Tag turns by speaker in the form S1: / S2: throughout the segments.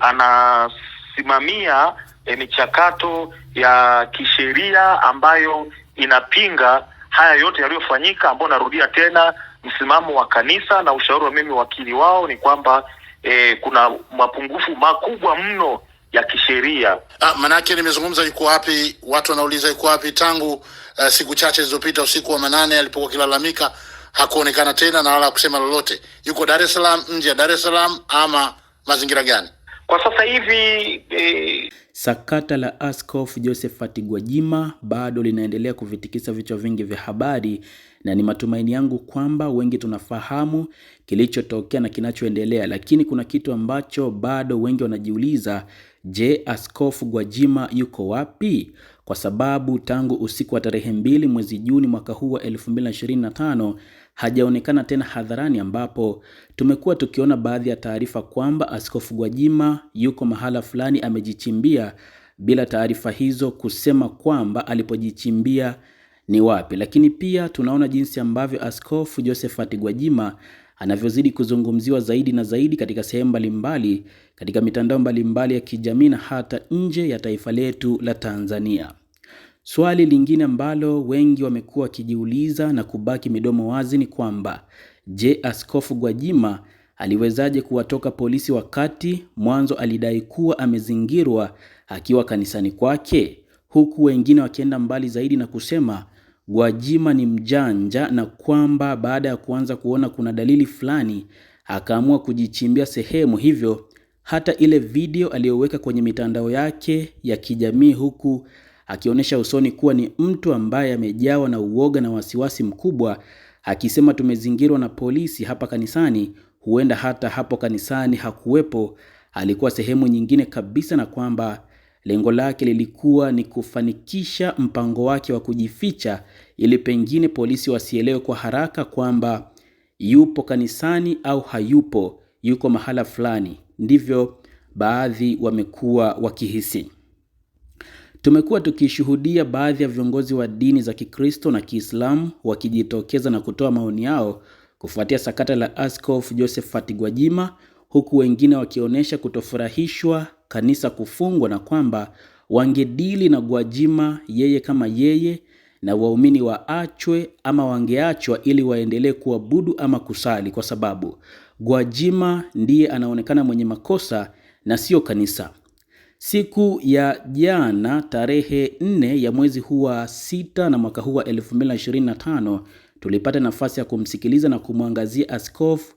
S1: anasimamia e, michakato ya kisheria ambayo inapinga haya yote yaliyofanyika, ambayo narudia tena, msimamo wa kanisa na ushauri wa mimi wakili wao ni kwamba e, kuna mapungufu makubwa mno ya kisheria.
S2: Ah, manake nimezungumza, yuko wapi? Watu wanauliza yuko wapi? Tangu uh, siku chache zilizopita, usiku wa manane alipokuwa akilalamika, hakuonekana tena na wala kusema lolote. Yuko Dar es Salaam, nje ya Dar es Salaam ama mazingira gani?
S1: Kwa sasa hivi e...
S3: sakata la Askofu Josephat Gwajima bado linaendelea kuvitikisa vichwa vingi vya habari, na ni matumaini yangu kwamba wengi tunafahamu kilichotokea na kinachoendelea, lakini kuna kitu ambacho bado wengi wanajiuliza. Je, Askofu Gwajima yuko wapi? kwa sababu tangu usiku wa tarehe mbili mwezi Juni mwaka huu wa 2025 hajaonekana tena hadharani, ambapo tumekuwa tukiona baadhi ya taarifa kwamba Askofu Gwajima yuko mahala fulani amejichimbia, bila taarifa hizo kusema kwamba alipojichimbia ni wapi. Lakini pia tunaona jinsi ambavyo Askofu Josephat Gwajima anavyozidi kuzungumziwa zaidi na zaidi katika sehemu mbalimbali, katika mitandao mbalimbali ya kijamii na hata nje ya taifa letu la Tanzania. Swali lingine ambalo wengi wamekuwa wakijiuliza na kubaki midomo wazi ni kwamba je, Askofu Gwajima aliwezaje kuwatoka polisi wakati mwanzo alidai kuwa amezingirwa akiwa kanisani kwake, huku wengine wakienda mbali zaidi na kusema Gwajima ni mjanja na kwamba baada ya kuanza kuona kuna dalili fulani akaamua kujichimbia sehemu, hivyo hata ile video aliyoweka kwenye mitandao yake ya kijamii huku akionyesha usoni kuwa ni mtu ambaye amejawa na uoga na wasiwasi mkubwa, akisema tumezingirwa na polisi hapa kanisani. Huenda hata hapo kanisani hakuwepo, alikuwa sehemu nyingine kabisa, na kwamba lengo lake lilikuwa ni kufanikisha mpango wake wa kujificha ili pengine polisi wasielewe kwa haraka kwamba yupo kanisani au hayupo, yuko mahala fulani. Ndivyo baadhi wamekuwa wakihisi. Tumekuwa tukishuhudia baadhi ya viongozi wa dini za Kikristo na Kiislamu wakijitokeza na kutoa maoni yao kufuatia sakata la Askofu Josephat Gwajima, huku wengine wakionyesha kutofurahishwa kanisa kufungwa na kwamba wangedili na Gwajima yeye kama yeye na waumini waachwe ama wangeachwa ili waendelee kuabudu ama kusali, kwa sababu Gwajima ndiye anaonekana mwenye makosa na sio kanisa. Siku ya jana tarehe nne ya mwezi huu wa sita na mwaka huu wa 2025 tulipata nafasi ya kumsikiliza na kumwangazia Askofu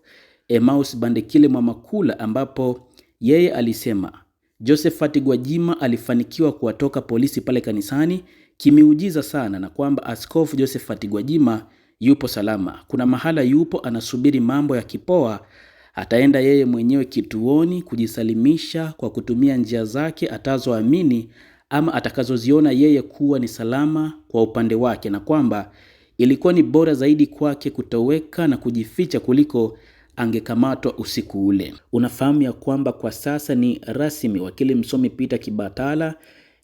S3: Emmaus Bandekile Mwamakula ambapo yeye alisema Josephat Gwajima alifanikiwa kuwatoka polisi pale kanisani kimiujiza sana, na kwamba Askofu Josephat Gwajima yupo salama, kuna mahala yupo anasubiri mambo ya kipoa Ataenda yeye mwenyewe kituoni kujisalimisha kwa kutumia njia zake atazoamini ama atakazoziona yeye kuwa ni salama kwa upande wake, na kwamba ilikuwa ni bora zaidi kwake kutoweka na kujificha kuliko angekamatwa usiku ule. Unafahamu ya kwamba kwa sasa ni rasmi wakili msomi Peter Kibatala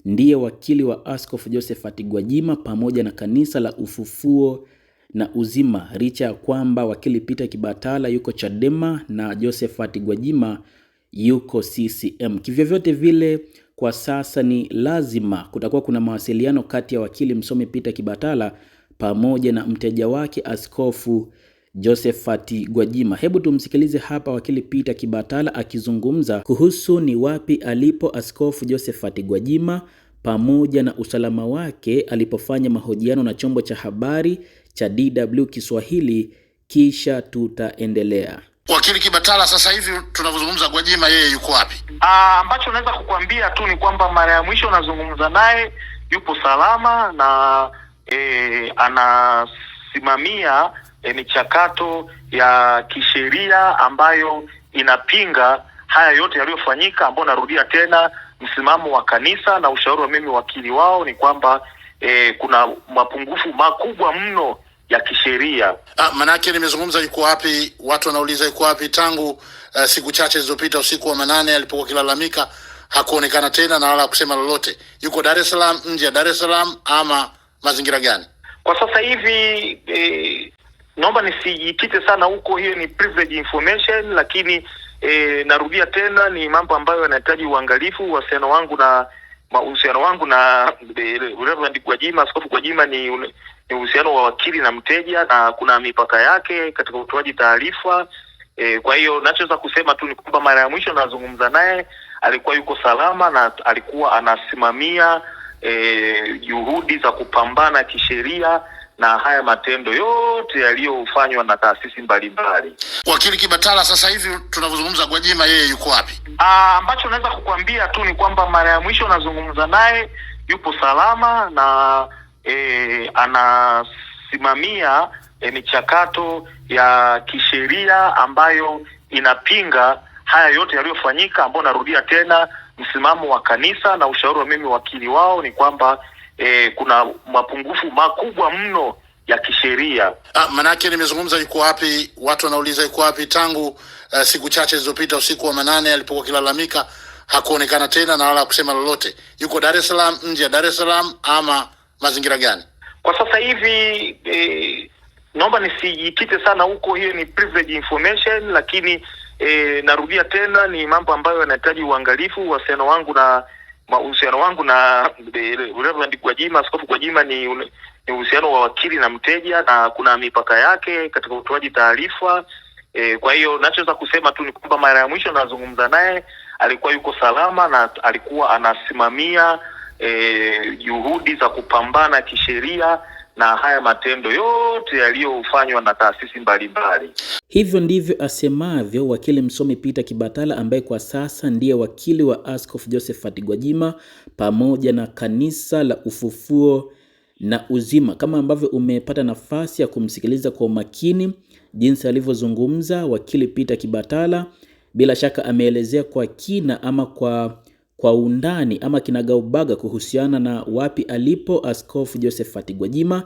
S3: ndiye wakili wa Askofu Josephat Gwajima pamoja na kanisa la Ufufuo na uzima licha ya kwamba wakili Peter Kibatala yuko Chadema na Josephat Gwajima yuko CCM. Kivyovyote vile kwa sasa ni lazima kutakuwa kuna mawasiliano kati ya wakili msomi Peter Kibatala pamoja na mteja wake Askofu Josephat Gwajima. Hebu tumsikilize hapa wakili Peter Kibatala akizungumza kuhusu ni wapi alipo Askofu Josephat Gwajima pamoja na usalama wake alipofanya mahojiano na chombo cha habari cha DW Kiswahili, kisha tutaendelea.
S2: Wakili Kibatala, sasa hivi tunavyozungumza, Gwajima yeye yuko wapi?
S1: Ah, ambacho naweza kukuambia tu ni kwamba mara ya mwisho nazungumza naye yupo salama na e, anasimamia e, michakato ya kisheria ambayo inapinga haya yote yaliyofanyika, ambayo narudia tena msimamo wa kanisa na ushauri wa mimi wakili wao ni kwamba e, kuna mapungufu makubwa mno ya kisheria.
S2: Ah, manake nimezungumza, yuko wapi? Watu wanauliza yuko wapi? Tangu uh, siku chache zilizopita, usiku wa manane alipokuwa akilalamika, hakuonekana tena na wala kusema lolote. Yuko Dar es Salaam, nje ya Dar es Salaam, ama mazingira gani
S1: kwa sasa hivi? Eh, naomba nisijikite sana huko, hiyo ni privilege information, lakini e, narudia tena, ni mambo ambayo yanahitaji uangalifu. Uhusiano wangu na uhusiano wangu na e, Reverend Gwajima, Askofu Gwajima ni uhusiano wa wakili na mteja, na kuna mipaka yake katika utoaji taarifa. E, kwa hiyo nachoweza kusema tu ni kwamba mara ya mwisho nazungumza naye alikuwa yuko salama na alikuwa anasimamia e, juhudi za kupambana kisheria na haya matendo yote yaliyofanywa na taasisi mbalimbali.
S2: Wakili Kibatala, sasa hivi tunavyozungumza, Gwajima yeye yuko wapi?
S1: Ah, ambacho naweza kukuambia tu ni kwamba mara ya mwisho nazungumza naye yupo salama na e, anasimamia e, michakato ya kisheria ambayo inapinga haya yote yaliyofanyika, ambayo narudia tena, msimamo wa kanisa na ushauri wa mimi wakili wao ni kwamba e, kuna mapungufu makubwa mno ya kisheria.
S2: Ah, manake nimezungumza, yuko wapi? Watu wanauliza yuko wapi? Tangu uh, siku chache zilizopita usiku wa manane alipokuwa akilalamika hakuonekana tena na wala kusema lolote. Yuko Dar es Salaam, nje ya Dar es Salaam ama mazingira gani
S1: kwa sasa hivi? E, naomba nisijikite sana huko, hiyo ni privilege information, lakini e, narudia tena, ni mambo ambayo yanahitaji uangalifu, uhusiano wangu na uhusiano wangu na Reverend Gwajima, Askofu Gwajima ni ni uhusiano wa wakili na mteja, na kuna mipaka yake katika utoaji taarifa e. Kwa hiyo nachoweza kusema tu ni kwamba mara ya mwisho nazungumza naye alikuwa yuko salama na alikuwa anasimamia e, juhudi za kupambana kisheria na haya matendo yote yaliyofanywa na taasisi mbalimbali.
S3: Hivyo ndivyo asemavyo wakili msomi Peter Kibatala ambaye kwa sasa ndiye wakili wa Askofu Josephat Gwajima pamoja na Kanisa la Ufufuo na Uzima. Kama ambavyo umepata nafasi ya kumsikiliza kwa umakini jinsi alivyozungumza wakili Peter Kibatala, bila shaka ameelezea kwa kina ama kwa kwa undani ama kinagaubaga kuhusiana na wapi alipo Askofu Josephat Gwajima,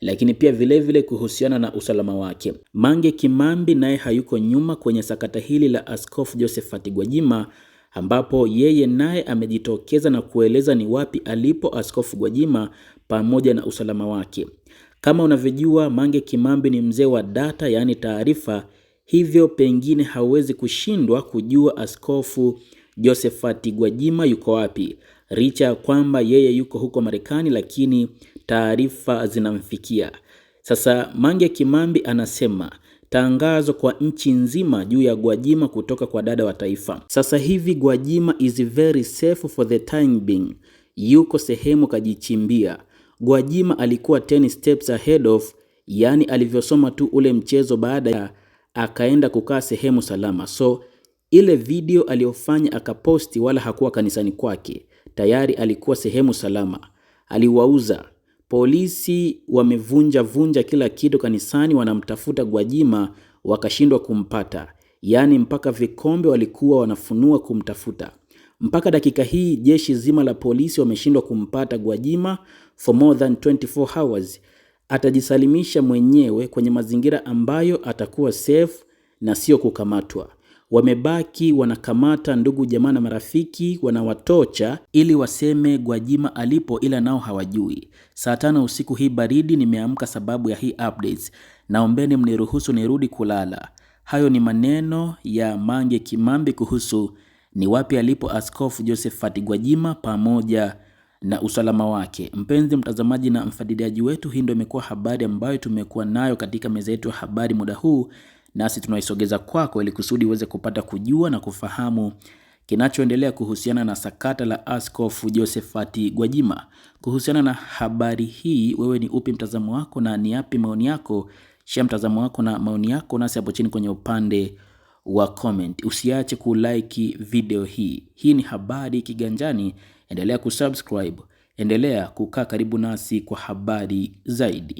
S3: lakini pia vilevile vile kuhusiana na usalama wake. Mange Kimambi naye hayuko nyuma kwenye sakata hili la Askofu Josephat Gwajima, ambapo yeye naye amejitokeza na kueleza ni wapi alipo Askofu Gwajima pamoja na usalama wake. Kama unavyojua, Mange Kimambi ni mzee wa data, yaani taarifa, hivyo pengine hawezi kushindwa kujua askofu Josephat Gwajima yuko wapi? richa ya kwamba yeye yuko huko Marekani, lakini taarifa zinamfikia sasa. Mange Kimambi anasema tangazo kwa nchi nzima juu ya Gwajima kutoka kwa dada wa taifa. Sasa hivi Gwajima is very safe for the time being, yuko sehemu kajichimbia. Gwajima alikuwa 10 steps ahead of, yani alivyosoma tu ule mchezo, baada ya akaenda kukaa sehemu salama so ile video aliyofanya akaposti wala hakuwa kanisani kwake, tayari alikuwa sehemu salama. Aliwauza polisi, wamevunja vunja kila kitu kanisani, wanamtafuta Gwajima wakashindwa kumpata. Yaani mpaka vikombe walikuwa wanafunua kumtafuta. Mpaka dakika hii jeshi zima la polisi wameshindwa kumpata Gwajima for more than 24 hours. Atajisalimisha mwenyewe kwenye mazingira ambayo atakuwa safe na sio kukamatwa wamebaki wanakamata ndugu jamaa na marafiki, wanawatocha ili waseme Gwajima alipo, ila nao hawajui. Saa tano usiku hii baridi nimeamka sababu ya hii updates. Naombeni mniruhusu nirudi kulala. Hayo ni maneno ya Mange Kimambi kuhusu ni wapi alipo Askofu Josephat Gwajima pamoja na usalama wake. Mpenzi mtazamaji na mfadiliaji wetu, hii ndio imekuwa habari ambayo tumekuwa nayo katika meza yetu ya habari muda huu nasi tunaisogeza kwako ili kusudi uweze kupata kujua na kufahamu kinachoendelea kuhusiana na sakata la Askofu Josephat Gwajima. Kuhusiana na habari hii, wewe ni upi mtazamo wako na ni yapi maoni yako? Shia mtazamo wako na maoni yako nasi hapo chini kwenye upande wa comment. Usiache kulike video hii. Hii ni Habari Kiganjani, endelea kusubscribe, endelea kukaa karibu nasi kwa habari zaidi.